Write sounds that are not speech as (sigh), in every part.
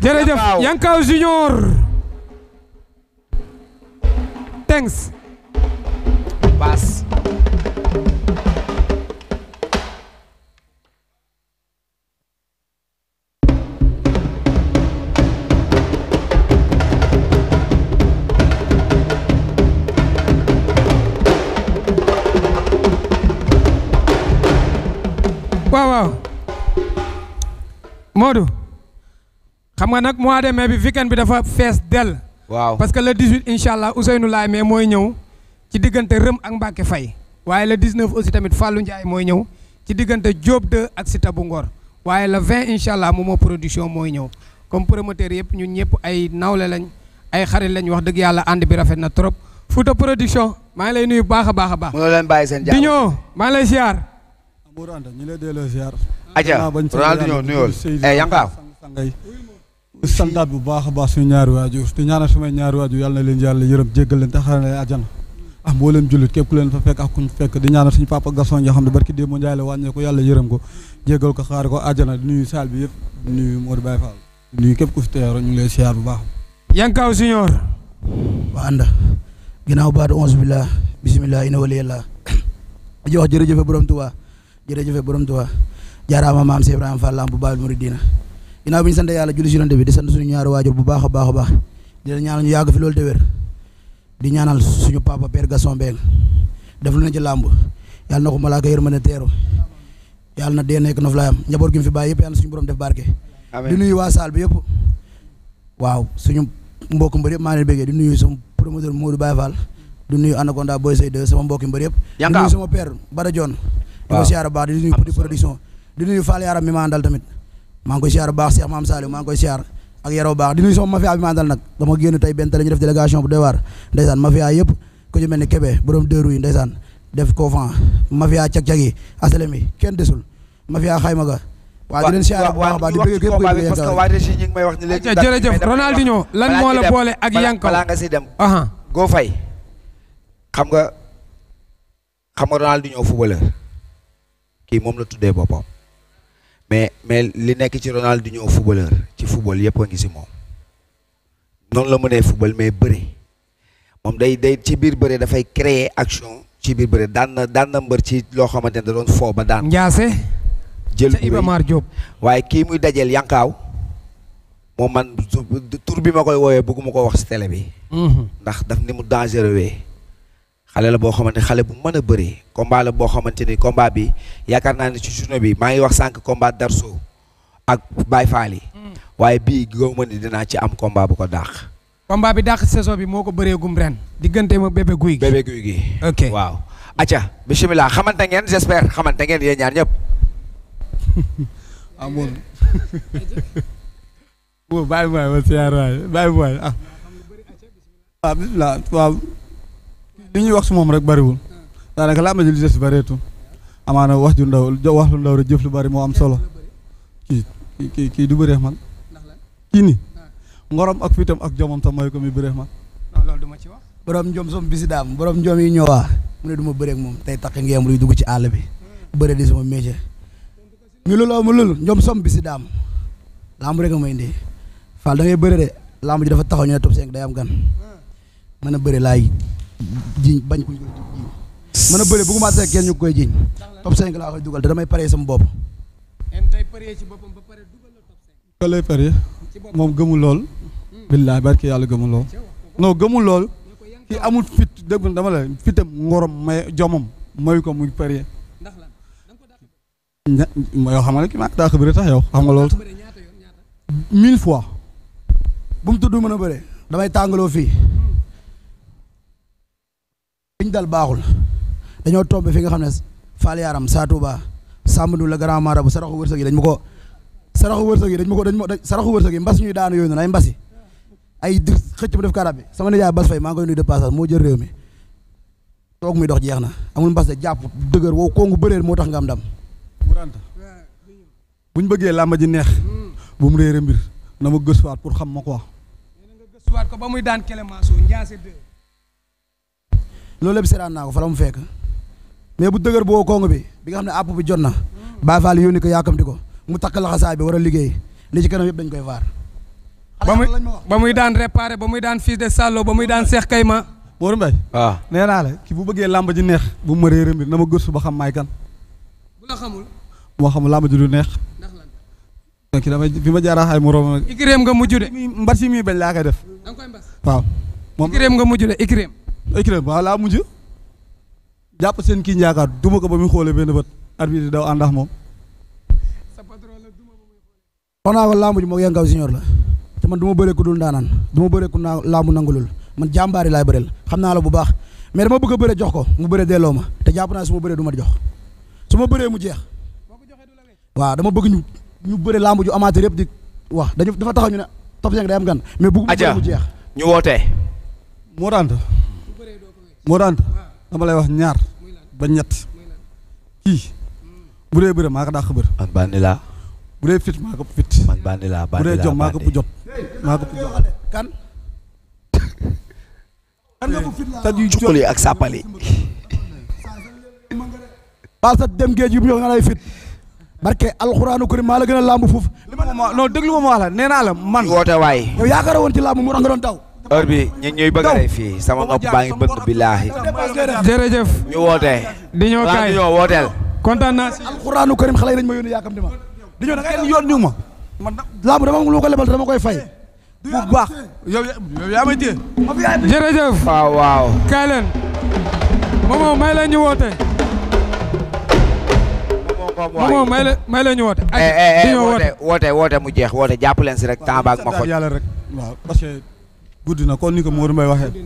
jërëjëf Yankaw Junior thanks baas waaw waaw xam nga nag mois de mai bi weekend bi dafa fees dell. waaw parce que le 18 incha allah Ousseynou Laay mais mooy ñëw ci diggante Rëm ak Mbacke Faye waaye le 19 aussi tamit Fallou Ndiaye mooy ñëw ci diggante Diop 2 ak Sita bu Ngor waaye le 20 incha allah Momo production mooy ñëw comme promoteur yëpp ñun ñëpp ay nawle lañ ay xarit lañ wax dëgg yàlla ànd bi rafet na trop. Fouta production maa ngi lay nuyu baax a baax a baax. mënoo leen bàyyi seen jàmm di ñëw maa ngi lay ziar. Amour Anta ñu lay delloo ziar. Adja Ronaldinho nuyoo eh Yankaw. santaat bu baax a baax suñu ñaari waajur te ñaanal sumay ñaari waajur yàlla leen yàlla yërëm jéggal leen taxaare na ajana ah boo leen jullit képp ku leen fa fekk ak kuñ fekk di ñaanal suñu papa Gaston yoo xam la wàññee ko yàlla yërëm ko jéggal ko xaar ko ajana di nuyu saal bi yëpp di nuyu Modou Baye Fall di nuyu képp ku fi teeroo ñu ngi lay siyaar bu baax yankaaw siñoor waa ànd ginnaaw baatu onze billah bismillah ina wali yàlla di wax jërëjëfe borom Tuubaa jërëjëfe borom Tuubaa jaaraama maam si Ibrahima Fall lamp bu Baabul Muridiina ginnaaw bi ñu sant a julli si yonent bi di sant suñu ñaari waajur bu baax a baax a baax di leen ñaanal ñu yàgg fi loolu te wér di ñaanal suñu papa père Gaston Mbengue na ci làmb yàlla na ko malaaka yërmande teeru yàlla na dee nekk na fa laayam njaboot gi mu fi bàyyi yëpp yàlla na suñu borom def barke. amiin di nuyu waa saal bi yëpp waaw suñu mbokk mbër yëpp maa ngi leen di nuyu sama promoteur Modou Baye Fall di nuyu Anaconda Boy Sey 2 sama mbokk mbër yëpp. yaa ngi nuyu sama père Bada Dione. di ko siyaara di production di nuyu Fall Yaram mi ma tamit maa ngi koy siyaar baax Cheikh Mame Saliou maa ngi koy siyaar ak yaroo baax di nuyu sama mafia bi ma àndal nag dama génn tey benn télé ñu def délégation bu doy waar ndeysaan mafia yëpp ku ci mel ni Kébé borom dëru yi ndeysaan def ko mafia cag-cag yi asalem yi kenn desul mafia xayma ga waaw di leen siyaar bu baax baax di ñu ngi may wax ni léegi lan moo la boole ak Yankaw balaa nga si dem goo fay xam nga xam nga Ronaldinho footballeur kii moom la tuddee boppam mais mais li nekk ci di ñëw footballeur ci football yëpp a ngi si moom noonu la mu mënee football mais bëre moom day day ci biir bëri dafay créer action ci biir bëre daan na daan na mbër ci loo xamante ne da doon foo ba daan. Ndiasse. jël sa Iba Mar waaye kii muy dajeel yankaaw moom man tur bi ma koy woowee bëgguma ko wax si tele bi. Mhm. ndax daf ni mu dangereux. xale la boo xamante xale bu mën a bëri combat boo xamante ni combat bi yaakaar naa ne ci journée bi maa ngi wax sànq combat Darso ak Baye Fall hmm. waaye bii gëw ma ci am combat bu ko dàq. combat bi dàq saison bi moo ko bëree gum ren. diggante ma bébé guy gi bébé guy gi. ok waaw. acca bisimilah xamante ngeen j'espère xamante ngeen yéen ñaar ñëpp. (laughs) (laughs) li ñuy wax si moom rek bëriwul daanaka laa ma ji li amaana wax ju ndaw wax lu ndaw rek jëf lu bëri moo am solo kii kii du bëreex man kii ni ah. ngorom ak fitam ak jomam sax mooy ko mi bëreex man non loolu du ma wax borom jom som bisi daam borom jom yi ñëwaa mu ne du ma bëreek moom tey taqi ngeem luy dugg ci àll bi bëre di sama métier ñu luloo mu lul jom som bisi daam lamb rek a may ndee Fall da ngay bëre de lamb ji dafa taxaw ñu ne top 5 day am gan ah. mën a bëre laay jiñ bañ ko jiñ mën a bëri bu commencé kenn ñu koy jiñ top 5 laa koy dugal te damay paree sama bopp. ko lay paree moom gëmul lool. Hmm. billaay barki yàlla gëmul lool. non gëmul lool ki amul fit dëgg dama la fitam ngorom may jomam mayu ko muy paree. yoo xam ne ki maa daa xibri tax yow xam nga loolu. mille fois bu mu tudd mën a bëre damay tàngaloo fii. dañ dal baaxul dañoo tombé fi nga xam ne Fall Yaram Sa Touba Sambou la grand marabout saraxu wërsëg yi dañ ma ko saraxu wërsëg yi dañ ma ko dañ ma saraxu wërsëg yi mbas ñuy daanu yooyu noonu ay mbas yi ay di xëcc mu def karab bi sama nijaay Bas Faye maa ngi koy nuyu moo jël réew mi toog muy dox jeex na amul mbas de jàpp dëgër wow kongu bëreel moo tax nga am ndam bu ñu bëggee làmb ji neex bu mu réere mbir na ma gëstuwaat pour xam ma quoi. ko loolu lépp seetaan naa ko fa mu fekk mais bu dëgër boo kong bi bi nga xam ne àpp bi jot na Baye Fall yónni ko yaakamti ko mu takk laxasaay bi war a liggéey li ci kanam yëpp dañ koy vaar. ba muy ba muy daan réparé ba muy daan fils de salo ba muy daan Seex Kayma. Mor Mbaye waaw ah. nee naa ki bu bëggee làmb ji neex bu mu mënee mbir na ma gëstu ba xam may kan. bu la xamul. moo xamul làmb ji du neex. donc damay bi ma jaaraax ay moroom. Ikrim nga mujj de. mbar si muy bañ laa koy def. da nga waaw moom Ikrim nga mujj de Ikrim. écrin ba ah, laa mujj jàpp seen kii njaakaar duma ko ba muy xoolee benn bët arbitre bi daw àndax moom wax naa ko làmb ji moo yengaw junior la te man du ma bëree ku dul ndaanaan du ma bëree ku naa làmb nangulul man jàmbaari laay bëreel xam naa la bu baax mais dama bëgg a bëree jox ko mu bëree delloo ma te jàpp naa su ma bëree du ma jox su ma bëree mu jeex waaw dama bëgg ñu ñu bëree làmb ju amateur yëpp di wax dañu dafa taxaw ñu ne top 5 day am gan mais bëgg mu jeex ñu wootee moo moo daan dama lay wax ñaar ba ñett kii bu dee bëre maa ko dàq bëre. man bandi laa. bu dee fit maa ko fit. man bandi maa ko bu kan. kan nga ko ak sàppali. baasa dem géej gi bu ñëw nga lay fit. barke alxuraanu karim maa la gën a làmb foofu. li ma non déglu ma ma wax la nee la man. woote waay. yow yaakaar woon ci làmb mu nga doon taw heure bi ñu ñuy fii sama nopp baa ngi bëgg billaahi. jërëjëf. ñu di ñëw kaay di ñëw wooteel. kontaan naa alxuraanu karim xale yi ma yónni yaakam di ma. di ñëw da ngay yoon ñu ma. man lu ko lebal dama koy fay. bu baax. yow yaa may téye. jërëjëf. waaw waaw. kaay leen. may leen ñu woote. moomoo eh, eh, eh, woote. woote mu jeex woote jàpp si rek temps baag ma ko. guddi na kon ni ko Modou Mbaye waxee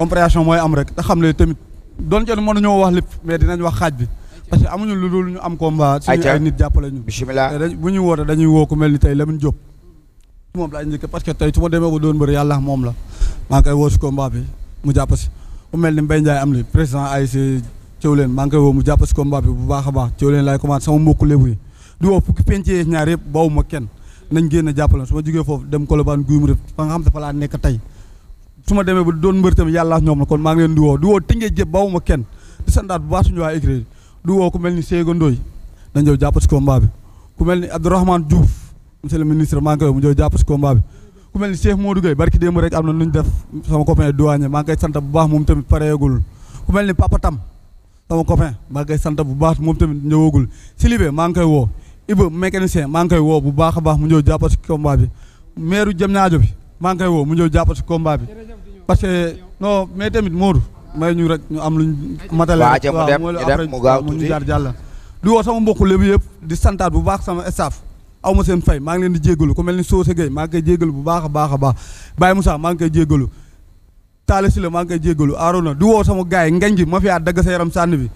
compréhension mooy am rek te xam ne tamit doon jot mënuñoo wax lépp mais dinañ wax xaaj bi parce que amuñu lu dul ñu am combat suñu ay nit jàppale ñu bismillah bu ñu woote dañuy woo ku mel ni tey Lamine Diop moom laa njëkk parce que tey su ma demee ba doon bëri yàlla moom la maa ngi woo si combat bi mu jàpp si mel ni Mbaye Ndiaye am li président ASC Thiawlène maa ngi koy woo mu jàpp si combat bi bu baax a baax Thiawlène laay commencé sama mbokku lébu yi di woo fukki penc ñaar yëpp bawuma kenn nañ génn jàppale su ma jógee foofu dem Colobane Guy Mouride fa nga xam te fa laa nekk tey su ma demee ba doon mbër tamit yàlla ñoom la kon maa ngi leen di woo di woo tëngee jëpp bawuma kenn di sandaat bu baax suñu waa écrit du woo ku mel ni Seygo Ndoy dañ ñëw jàpp si combat bi ku mel ni Abdourahmane Diouf monsieur le ministre maa ngi koy mu ñëw jàpp si combat bi mel ni Cheikh Modou Gueye barki démb rek am na nu def sama copain douanier maa ngi koy sant bu baax moom tamit pareegul ku mel ni Papa Tam sama copain maa ngi koy sant bu baax moom tamit ñëwagul Silibé maa ngi koy woo Iba mécanicien maa ngi koy woo bu baax a baax mu ñëw jàppal si combat bi maire Diamniadio bi maa ngi koy woo mu jàppal si combat bi parce que mais tamit Modou may ñu rek ñu am luñ matale waaw mu ñu jaar jàll di woo sama mbokku lébu yëpp di santaat bu baax sama staff aw ma seen fay maa ngi leen di jéggalu ku mel ni Socé Gueye maa ngi koy baax a baax a baax mu Moussa maa ngi koy jéggalu Talla Sylla maa ngi koy jéggalu Arona di woo sama gars yi ngañ gi ma fi a dagg sa yaram sànni bi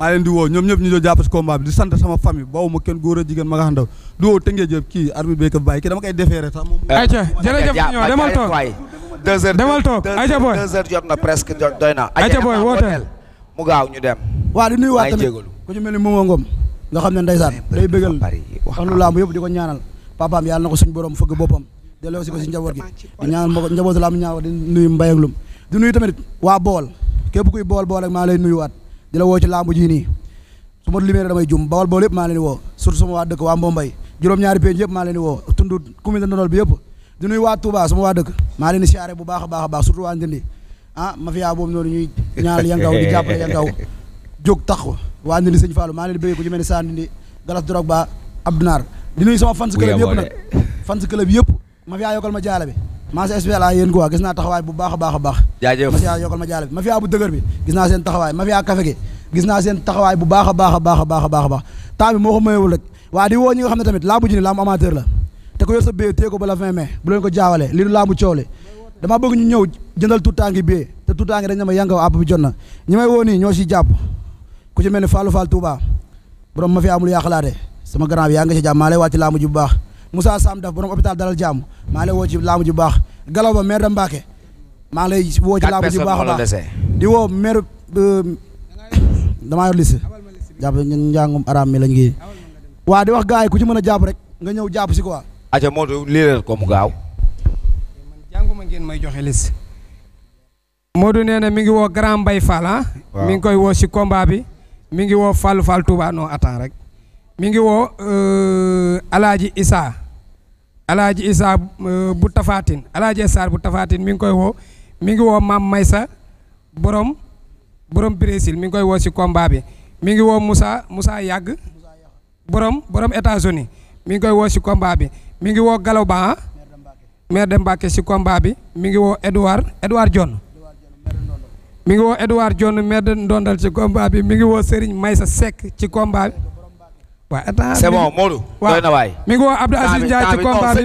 maa leen di woo ñoom ñëpp ñu ñoo jàpp si combat bi di sant sama famille bawuma kenn góor a jigéen ma nga xam ndaw di woo tëngee jëf kii arbitre bi béykat bàyyi kii dama koy defeere sax moom eh, ayca jërëjëf ñoo demal toog deux heures demal toog ayca booy deux heures jot na presque doy na ayca booy wooteel mu gaaw ñu dem waaw di nuyu waat tamit ku ci mel ni Momo Ngom nga xam ne ndeysaan day bëggal xanu lamb yëpp di ko ñaanal papaam yàlla na ko suñ borom fëgg boppam delloo si ko si njaboot gi di ñaanal ma ko njabootu lamb ñaaw di nuyu mbayang lum di nuyu tamit waa bool képp kuy bool bool ak maa lay nuyuwaat di la woo ci làmb ji nii su ma limee damay jum bawal bool yëpp maa leen woo surtout sama waa dëkk waa Mbombay juróom-ñaari penc yëpp maa leen di woo tund commune de Ndondol bi yëpp di nuyu waa Touba sama waa dëkk maa leen di siyaare bu baax a baax a baax surtout waa Ndindi ah mafia boobu noonu ñuy ñaanal yangaw di jàppale yangaw jóg tax waa Ndindi Sëñ Fallou maa leen di ku ci mel ni saa Ndindi Galas Drogba Abdou Naar di nuyu sama fans club yëpp nag fans ma jaala maasa SBL a yéen quoi gis naa taxawaay bu baax a baax a baax jaajëf mafia yokkal ma jaale bi mafia bu dëgër bi gis naa seen taxawaay mafia café gi gis naa seen taxawaay bu baax a baax a baax a baax a baax a baax temps bi moo ko mayewul rek waa di woo ñi xam ne tamit laabu ji ni laamu amateur la te ko yor sa billet téye ko la fin mai bu leen ko jaawale li du laamu coole dama bëgg ñu ñëw jëndal ma woo nii ñoo si jàpp ku ci mel ni Fallou Fall Touba borom mafia amul yaa xalaate sama grand bi yaa nga si jàpp maa lay wàcc laamu ji baax Moussa Sam daf borom hôpital dalal jàmm maa ngi lay woo ci laamu ji baax Galaw ba maire de Mbacké maa ngi lay woo laamu ji baax a baax di woo maire damaa yor liste jàpp njàngum araam mi lañ ngi waa di wax gars yi ku ci mën a jàpp rek nga ñëw jàpp si quoi. aca moo du liiral ko mu gaaw. man jànguma ngeen may joxe liste. Modou nee na mi ngi woo Grand Mbaye Fall ah. mi ngi koy woo si combat bi mi ngi woo Fallou Fall Touba non attends rek. mi ngi woo euh, alaaji isaa alaaji isaa euh, bu tafaatin alaaji Sarr bu tafaatin mi ngi koy woo mi ngi woo maam Maysa borom borom Brésil mi ngi koy woo si combat bi mi ngi woo Moussa Moussa Yàgg borom borom États-Unis mi ngi koy woo si combat bi mi ngi woo Galaw Ba maire de Mbacké si combat bi mi ngi woo Edouard Edouard jon mi ngi woo Edouard John maire de Ndondal ci combat bi mi ngi woo Serigne Maysa sek ci combat waaw c'est bon Modou. doy na waay mi ngi woo Abdou Aziz Ndiaye ci